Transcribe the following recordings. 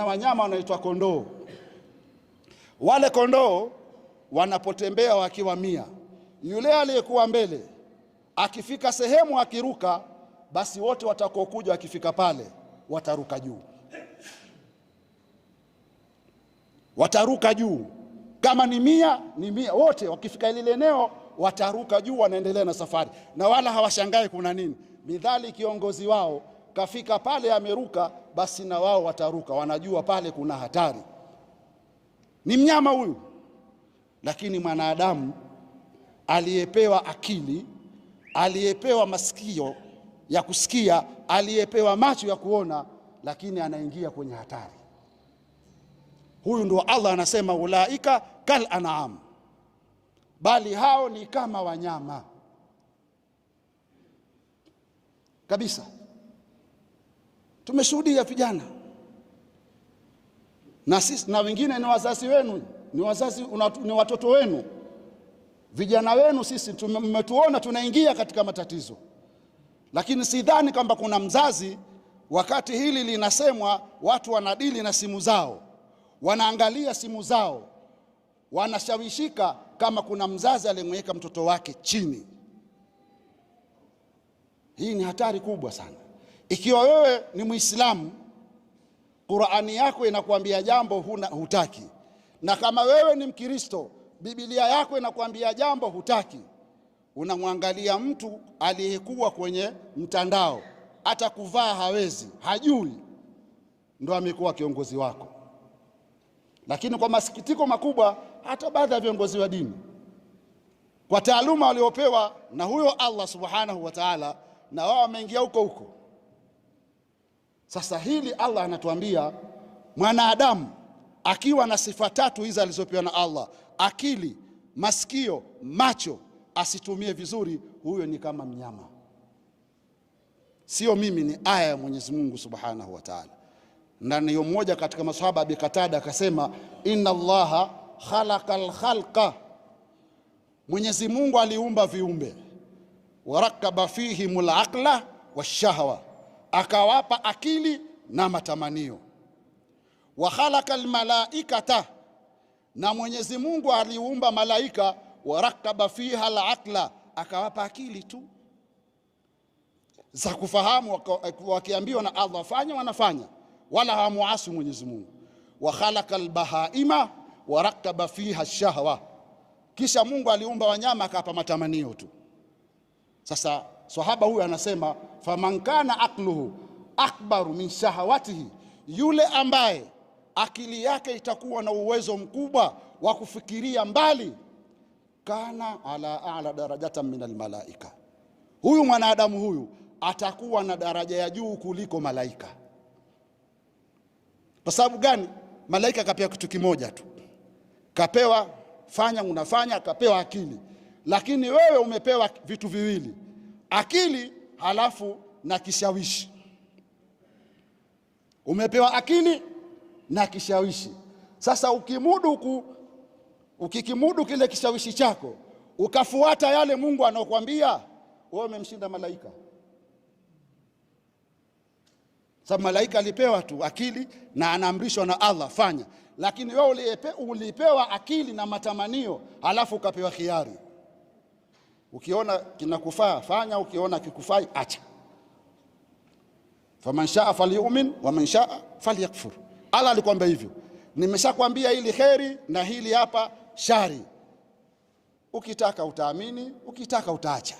kuna wanyama wanaitwa kondoo. Wale kondoo wanapotembea wakiwa mia, yule aliyekuwa mbele akifika sehemu akiruka, basi wote watakokuja wakifika pale wataruka juu, wataruka juu. Kama ni mia ni mia, wote wakifika lile eneo wataruka juu, wanaendelea na safari na wala hawashangai kuna nini, midhali kiongozi wao kafika pale ameruka, basi na wao wataruka, wanajua pale kuna hatari. Ni mnyama huyu, lakini mwanadamu aliyepewa akili, aliyepewa masikio ya kusikia, aliyepewa macho ya kuona, lakini anaingia kwenye hatari. Huyu ndio Allah anasema ulaika kal an'am, bali hao ni kama wanyama kabisa. Tumeshuhudia vijana na sisi na wengine ni wazazi wenu, ni wazazi ni watoto wenu, vijana wenu. Sisi mmetuona tunaingia katika matatizo, lakini sidhani kwamba kuna mzazi wakati hili linasemwa, watu wanadili na simu zao, wanaangalia simu zao, wanashawishika kama kuna mzazi aliyemweka mtoto wake chini. Hii ni hatari kubwa sana. Ikiwa wewe ni Muislamu, Qurani yako inakuambia jambo huna hutaki, na kama wewe ni Mkristo, Biblia yako inakuambia jambo hutaki, unamwangalia mtu aliyekuwa kwenye mtandao, hata kuvaa hawezi, hajui, ndo amekuwa kiongozi wako. Lakini kwa masikitiko makubwa, hata baadhi ya viongozi wa dini kwa taaluma waliopewa na huyo Allah subhanahu wa taala, na wao wameingia huko huko sasa hili Allah anatuambia mwanadamu akiwa na sifa tatu hizi alizopewa na Allah, akili, masikio, macho, asitumie vizuri, huyo ni kama mnyama. Sio mimi, ni aya ya Mwenyezi Mungu Subhanahu wa Ta'ala. Na niyo mmoja katika maswahaba Abi Katada akasema, inna Allaha khalaqal khalqa, Mwenyezi Mungu aliumba viumbe, warakaba fihimul aqla washahwa akawapa akili na matamanio. Wa khalaqa almalaikata, na Mwenyezi Mungu aliumba malaika. Warakaba fiha alaqla, akawapa akili tu za kufahamu, wakiambiwa na Allah fanya wanafanya, wala hawamuasi Mwenyezi Mungu. Wa khalaqa albahaima warakaba fiha shahwa, kisha Mungu aliumba wanyama akawapa matamanio tu. Sasa sahaba huyu anasema faman kana aqluhu akbaru min shahawatihi, yule ambaye akili yake itakuwa na uwezo mkubwa wa kufikiria mbali, kana ala ala darajatan min almalaika, huyu mwanadamu huyu atakuwa na daraja ya juu kuliko malaika. Kwa sababu gani? Malaika kapewa kitu kimoja tu, kapewa fanya unafanya, kapewa akili. Lakini wewe umepewa vitu viwili, akili halafu na kishawishi. Umepewa akili na kishawishi. Sasa ukimudu ku, ukikimudu kile kishawishi chako ukafuata yale Mungu anaokuambia wewe, umemshinda malaika. Sababu malaika alipewa tu akili na anaamrishwa na Allah fanya, lakini wewe ulipewa akili na matamanio alafu ukapewa khiari. Ukiona kinakufaa fanya, ukiona kikufai acha. Faman shaa falyumin man shaa falyakfur. Allah alikwambia hivyo, nimeshakwambia hili kheri na hili hapa shari. Ukitaka utaamini, ukitaka utaacha.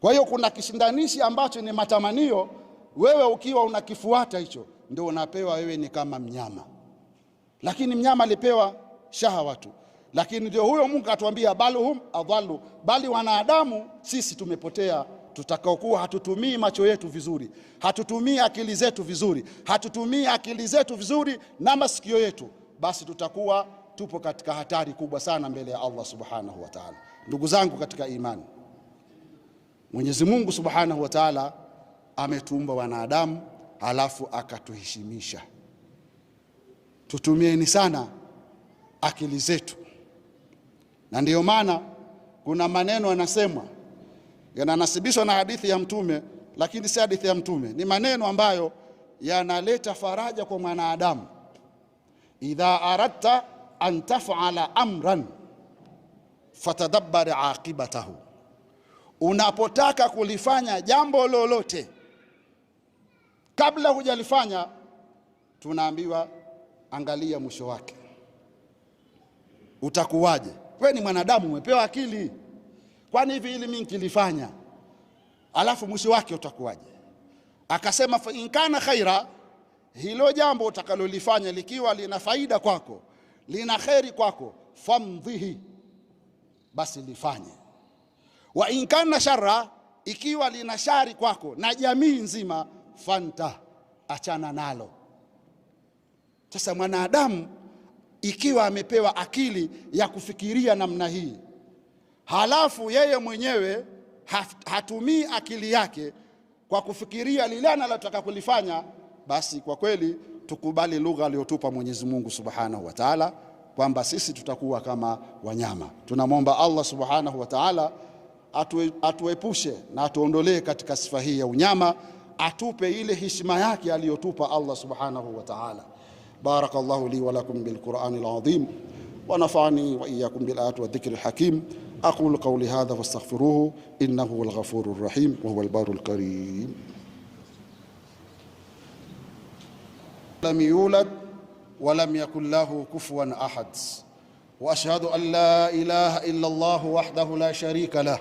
Kwa hiyo kuna kishindanishi ambacho ni matamanio, wewe ukiwa unakifuata hicho, ndio unapewa wewe ni kama mnyama, lakini mnyama alipewa shahawa tu lakini ndio huyo Mungu atuambia, bali hum adhallu, bali wanadamu sisi tumepotea tutakaokuwa hatutumii macho yetu vizuri, hatutumii akili zetu vizuri, hatutumii akili zetu vizuri na masikio yetu, basi tutakuwa tupo katika hatari kubwa sana mbele ya Allah subhanahu wa ta'ala. Ndugu zangu katika imani, Mwenyezi Mungu subhanahu wa ta'ala ametuumba wanadamu alafu akatuheshimisha. Tutumieni sana akili zetu. Na ndiyo maana kuna maneno yanasemwa yananasibishwa na hadithi ya Mtume, lakini si hadithi ya Mtume, ni maneno ambayo yanaleta faraja kwa mwanadamu. Idha aradta an tafala amran fatadabbar aqibatahu, unapotaka kulifanya jambo lolote, kabla hujalifanya, tunaambiwa angalia mwisho wake utakuwaje. We ni mwanadamu, umepewa akili. Kwani hivi hili mimi nikilifanya alafu mwisho wake utakuwaje? Akasema, fa in kana khaira, hilo jambo utakalolifanya likiwa lina faida kwako, lina kheri kwako, famdhihi, basi lifanye. Wa in kana shara, ikiwa lina shari kwako na jamii nzima, fanta, achana nalo. Sasa mwanadamu ikiwa amepewa akili ya kufikiria namna hii, halafu yeye mwenyewe hatumii akili yake kwa kufikiria lile analotaka kulifanya, basi kwa kweli tukubali lugha aliyotupa Mwenyezi Mungu Subhanahu wa Ta'ala, kwamba sisi tutakuwa kama wanyama. Tunamwomba Allah Subhanahu wa Ta'ala atuepushe na atuondolee katika sifa hii ya unyama, atupe ile heshima yake aliyotupa Allah Subhanahu wa Ta'ala. بارك الله لي ولكم بالقرآن العظيم ونفعني وإياكم بالآيات والذكر الحكيم أقول قولي هذا فاستغفروه إنه هو الغفور الرحيم وهو البار الكريم لم يولد ولم يكن له كفوا أحد وأشهد أن لا إله إلا الله وحده لا شريك له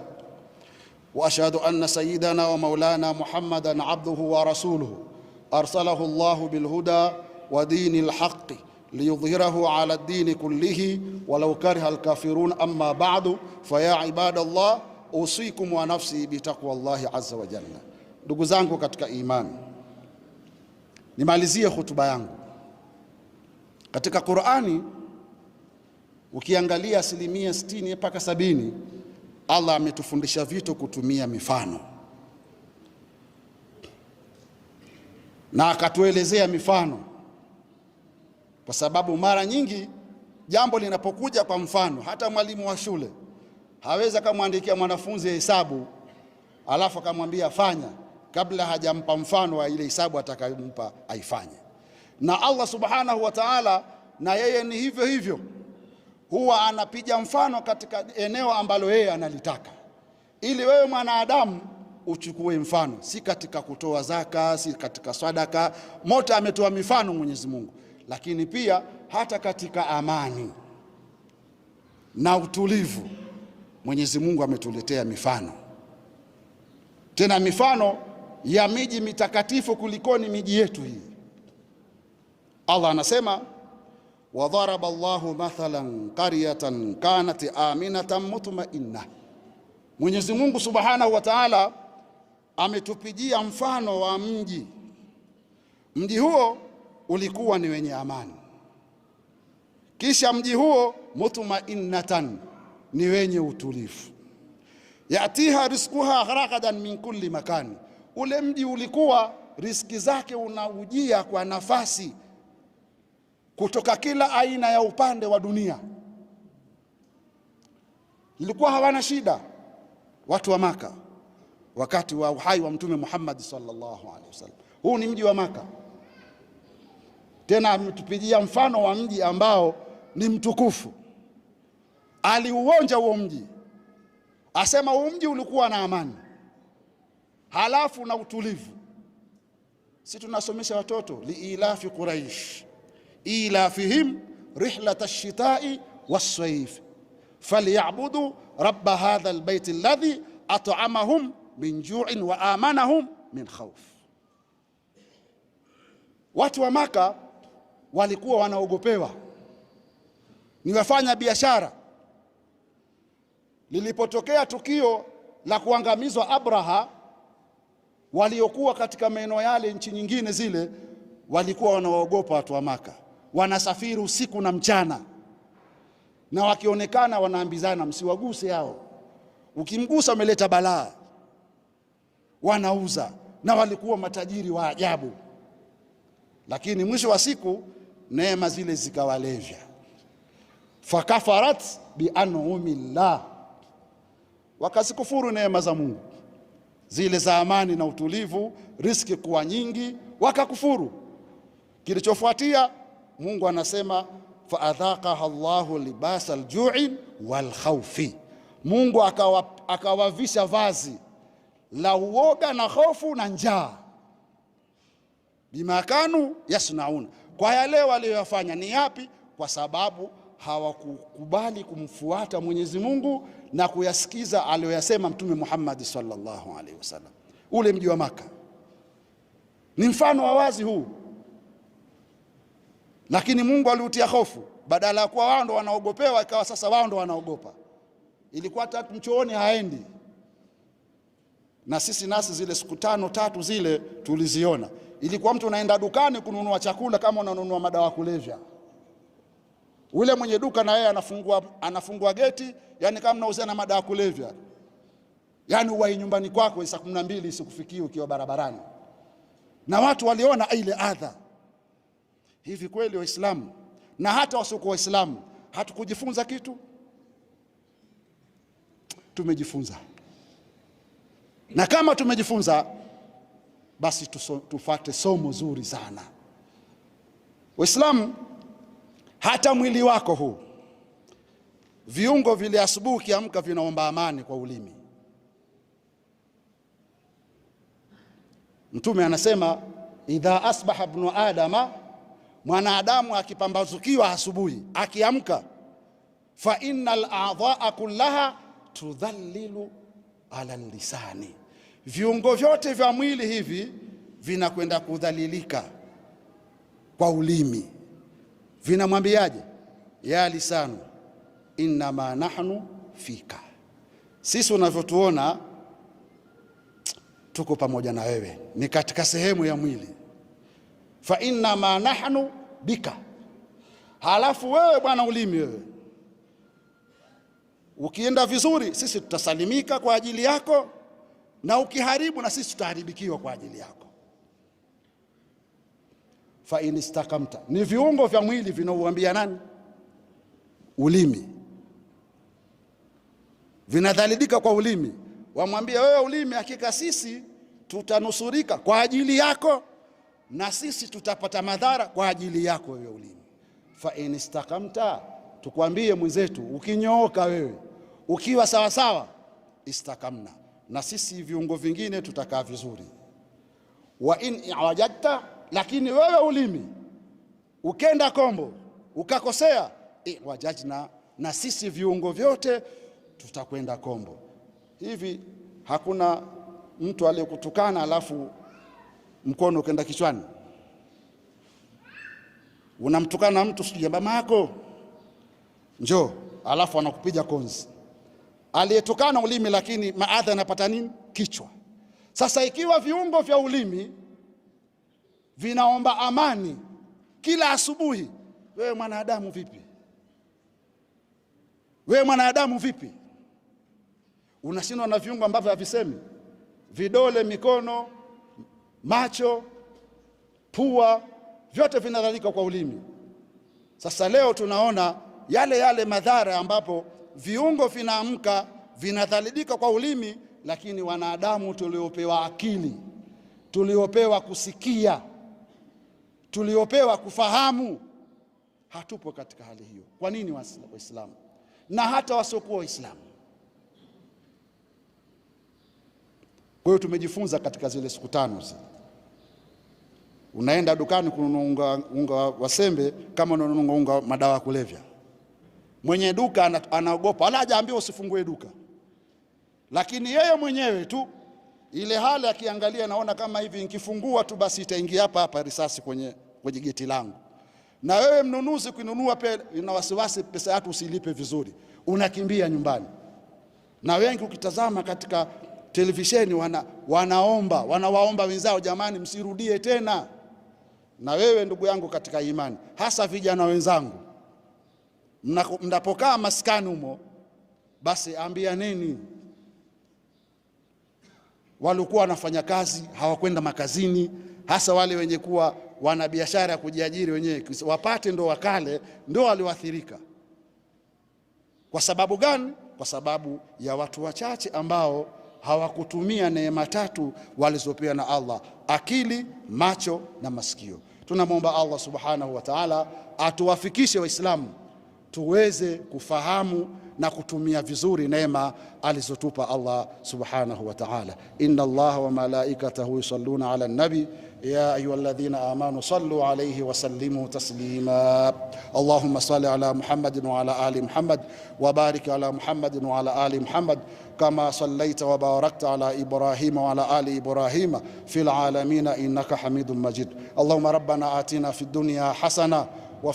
وأشهد أن سيدنا ومولانا محمدا عبده ورسوله أرسله الله بالهدى wa dini lhaqi liyudhhirahu ala dini kullihi walau kariha lkafirun amma ba'du faya ibada llah usikum wa nafsi bitaqwa llahi azza wa jalla. Ndugu zangu katika imani, nimalizie hutuba yangu katika Qur'ani. Ukiangalia asilimia 60 mpaka sabini, Allah ametufundisha vitu kutumia mifano na akatuelezea mifano kwa sababu mara nyingi jambo linapokuja, kwa mfano, hata mwalimu wa shule hawezi akamwandikia mwanafunzi hesabu alafu akamwambia fanya kabla hajampa mfano wa ile hesabu atakayompa aifanye. Na Allah subhanahu wa ta'ala, na yeye ni hivyo hivyo, huwa anapiga mfano katika eneo ambalo yeye analitaka, ili wewe mwanadamu uchukue mfano, si katika kutoa zaka, si katika sadaka. mota ametoa mifano Mwenyezi Mungu lakini pia hata katika amani na utulivu. Mwenyezi Mungu ametuletea mifano, tena mifano ya miji mitakatifu kulikoni miji yetu hii. Allah anasema wadharaba Allahu mathalan qaryatan kanat aminatan mutmainna. Mwenyezi Mungu Subhanahu wa Ta'ala ametupigia mfano wa mji, mji huo ulikuwa ni wenye amani, kisha mji huo mutmainnatan, ni wenye utulivu. Yatiha rizquha ragadan min kulli makani, ule mji ulikuwa riski zake unaujia kwa nafasi kutoka kila aina ya upande wa dunia. Ilikuwa hawana shida watu wa Maka wakati wa uhai wa Mtume Muhammad sallallahu alaihi wasallam. Huu ni mji wa Maka. Tena ametupigia mfano wa mji ambao ni mtukufu, aliuonja huo mji, asema huu mji ulikuwa na amani halafu na utulivu. Si tunasomesha watoto liilafi Quraish ilafihim rihlat lshitai shitai falyabudu rabba hadha lbaiti bayt alladhi at'amahum min ju'in wa amanahum min khawf. Watu wa Maka walikuwa wanaogopewa ni wafanya biashara. Lilipotokea tukio la kuangamizwa Abraha, waliokuwa katika maeneo yale, nchi nyingine zile, walikuwa wanawaogopa watu wa Maka, wanasafiri usiku na mchana, na wakionekana wanaambizana, msiwaguse hao, ukimgusa umeleta balaa. Wanauza na walikuwa matajiri wa ajabu, lakini mwisho wa siku neema zile zikawalevya. Fakafarat bianumillah, wakazikufuru neema za Mungu zile za amani na utulivu, riski kuwa nyingi, wakakufuru. Kilichofuatia Mungu anasema faadhaqaha llahu libasa ljui walkhaufi, Mungu akawavisha akawa vazi la uoga na hofu na njaa, bima kanu yasnauna kwa yale waliyoyafanya. Ni yapi? Kwa sababu hawakukubali kumfuata Mwenyezi Mungu na kuyasikiza aliyoyasema Mtume Muhammad sallallahu alaihi wasallam. Ule mji wa Maka ni mfano wa wazi huu, lakini Mungu aliutia hofu, badala ya kuwa wao ndo wanaogopewa, ikawa sasa wao ndo wanaogopa. Ilikuwa tatu mchooni haendi, na sisi nasi zile siku tano tatu zile tuliziona. Ilikuwa mtu unaenda dukani kununua chakula kama unanunua madawa kulevya. Ule mwenye duka na yeye anafungua, anafungua geti, yani kama mnauziana madawa kulevya, yani uwai nyumbani kwako saa kumi na mbili isikufikie ukiwa barabarani. Na watu waliona ile adha. Hivi kweli Waislamu na hata wasiokuwa Waislamu hatukujifunza kitu? Tumejifunza, na kama tumejifunza basi tufate somo zuri sana Uislamu. Hata mwili wako huu, viungo vile asubuhi ukiamka vinaomba amani kwa ulimi. Mtume anasema idha asbaha ibnu adama, mwanadamu akipambazukiwa asubuhi akiamka, fa innal a'dhaa kullaha tudhallilu ala lisani viungo vyote vya mwili hivi vinakwenda kudhalilika kwa ulimi. Vinamwambiaje? ya lisanu innama nahnu fika, sisi unavyotuona tuko pamoja na wewe, ni katika sehemu ya mwili. fa innama nahnu bika, halafu wewe bwana ulimi wewe ukienda vizuri, sisi tutasalimika kwa ajili yako na ukiharibu na sisi tutaharibikiwa kwa ajili yako. Fa inistakamta ni viungo vya mwili vinaoambia nani? Ulimi vinadhalilika kwa ulimi, wamwambia wewe ulimi, hakika sisi tutanusurika kwa ajili yako na sisi tutapata madhara kwa ajili yako wewe ulimi. Fa inistakamta, tukwambie mwenzetu, ukinyooka wewe ukiwa sawasawa, istakamna na sisi viungo vingine tutakaa vizuri. wa in iwajadta, lakini wewe ulimi ukenda kombo ukakosea, iwajajna, na sisi viungo vyote tutakwenda kombo. Hivi hakuna mtu aliyekutukana alafu mkono ukenda kichwani, unamtukana mtu sijui, mama yako njoo, alafu anakupiga konzi aliyetokana ulimi, lakini maadha anapata nini? Kichwa. Sasa ikiwa viungo vya ulimi vinaomba amani kila asubuhi, wewe mwanadamu vipi? Wewe mwanadamu vipi? Unashindwa na viungo ambavyo havisemi: vidole, mikono, macho, pua, vyote vinadhalika kwa ulimi. Sasa leo tunaona yale yale madhara ambapo viungo vinaamka, vinadhalilika kwa ulimi, lakini wanadamu tuliopewa akili, tuliopewa kusikia, tuliopewa kufahamu, hatupo katika hali hiyo. Kwa nini Waislamu na hata wasiokuwa Waislamu? Kwa hiyo tumejifunza katika zile siku tano zile unaenda dukani kununua unga, unga wa sembe kama unanunua unga madawa ya kulevya. Mwenye duka anaogopa, wala hajaambiwa usifungue duka, lakini yeye mwenyewe tu ile hali akiangalia, naona kama hivi nikifungua tu basi itaingia hapa hapa risasi kwenye, kwenye geti langu. Na wewe mnunuzi kununua pia ina wasiwasi, pesa yako usilipe vizuri, unakimbia nyumbani. Na wengi ukitazama katika televisheni wana, wanaomba wanawaomba wenzao, jamani, msirudie tena. Na wewe ndugu yangu katika imani, hasa vijana wenzangu mnapokaa maskani humo, basi ambianeni walikuwa wanafanya kazi hawakwenda makazini, hasa wale wenye kuwa wana biashara ya kujiajiri wenyewe, wapate ndo wakale, ndo walioathirika. Kwa sababu gani? Kwa sababu ya watu wachache ambao hawakutumia neema tatu walizopewa na Allah: akili, macho na masikio. Tunamwomba Allah subhanahu wa ta'ala atuwafikishe Waislamu tuweze kufahamu na kutumia vizuri neema alizotupa Allah subhanahu wa ta'ala. inna Allaha wa malaikatahu yusalluna ala nabi ya ayyuhalladhina amanu sallu alayhi wa sallimu taslima Allahumma salli ala Muhammadin wa ala ali Muhammad wa barik ala Muhammadin wa ala ali Muhammad kama sallaita wa barakta ala Ibrahima wa ala ali Ibrahima fil alamin innaka Hamidum Majid. Allahumma rabbana atina fid dunya hasana wa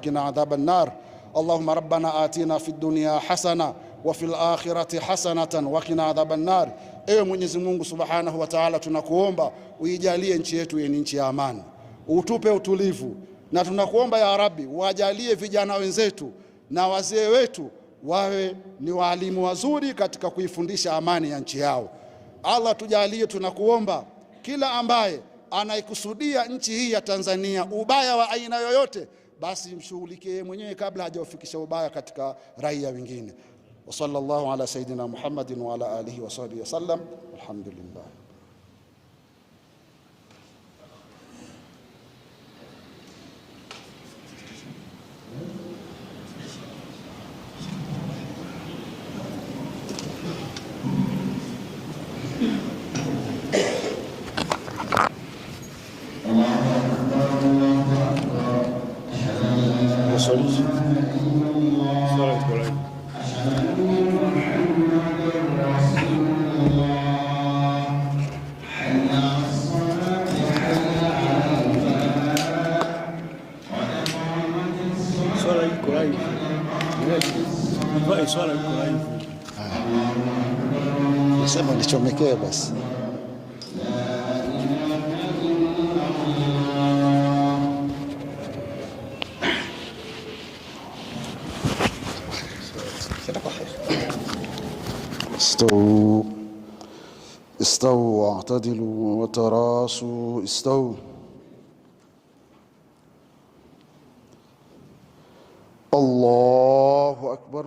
qina adhaban nar allahumma rabbana atina fid dunya hasana wa fil akhirati hasanatan wa qina adhaban nar Ewe Mwenyezi Mungu Subhanahu wa Ta'ala, tunakuomba uijalie nchi yetu ni nchi ya amani, utupe utulivu, na tunakuomba ya Rabbi wajalie vijana wenzetu na wazee wetu wawe ni waalimu wazuri katika kuifundisha amani ya nchi yao. Allah tujalie, tunakuomba kila ambaye anayekusudia nchi hii ya Tanzania ubaya wa aina yoyote, basi mshughulikie mwenyewe kabla hajaufikisha ubaya katika raia wengine. Wa sallallahu ala sayidina Muhammadin wa ala alihi wa sahbihi wasallam, walhamdulillah. Ndio swala liko hivyo. Sema lichomekee basi. استووا استووا واعتدلوا وتراصوا استووا الله أكبر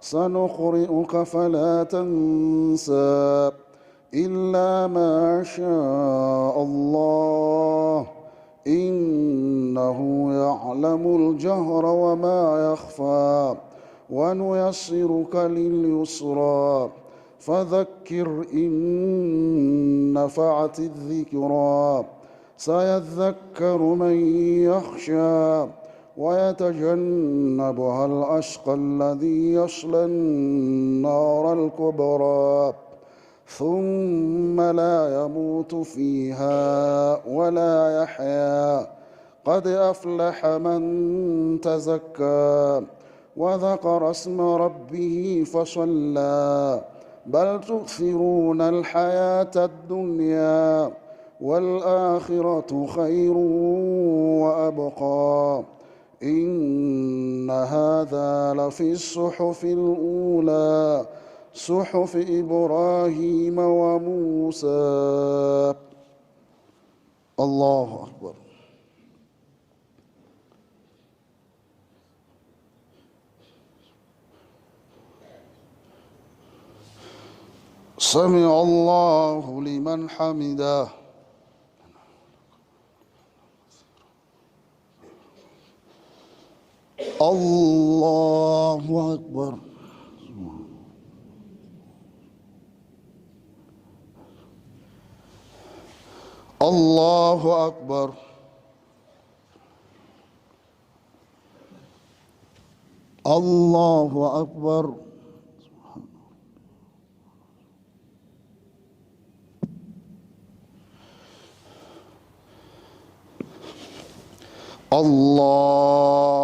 سنقرئك فلا تنسى إلا ما شاء الله إنه يعلم الجهر وما يخفى ونيسرك لليسرى فذكر إن نفعت الذكرى سيذكر من يخشى ويتجنبها الأشقى الذي يصلى النار الكبرى ثم لا يموت فيها ولا يحيا قد أفلح من تزكى وذكر اسم ربه فصلى بل تؤثرون الحياة الدنيا والآخرة خير وأبقى إن هذا لفي الصحف الأولى صحف إبراهيم وموسى الله أكبر سمع الله لمن حمده اللہ اکبر اللہ اکبر اللہ اکبر اللہ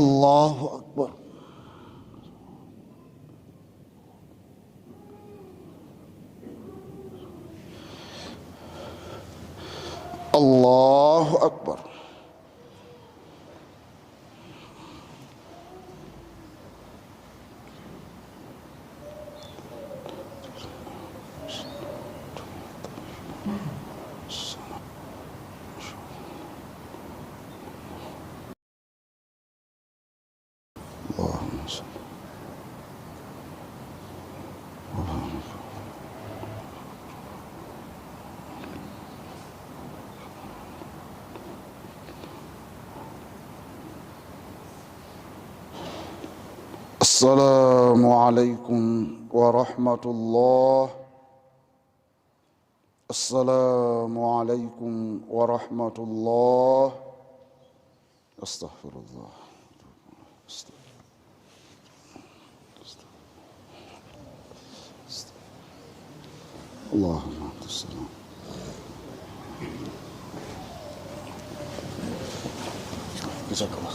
Allah السلام عليكم ورحمة الله السلام عليكم ورحمة الله أستغفر الله اللهم انت السلام جزاك الله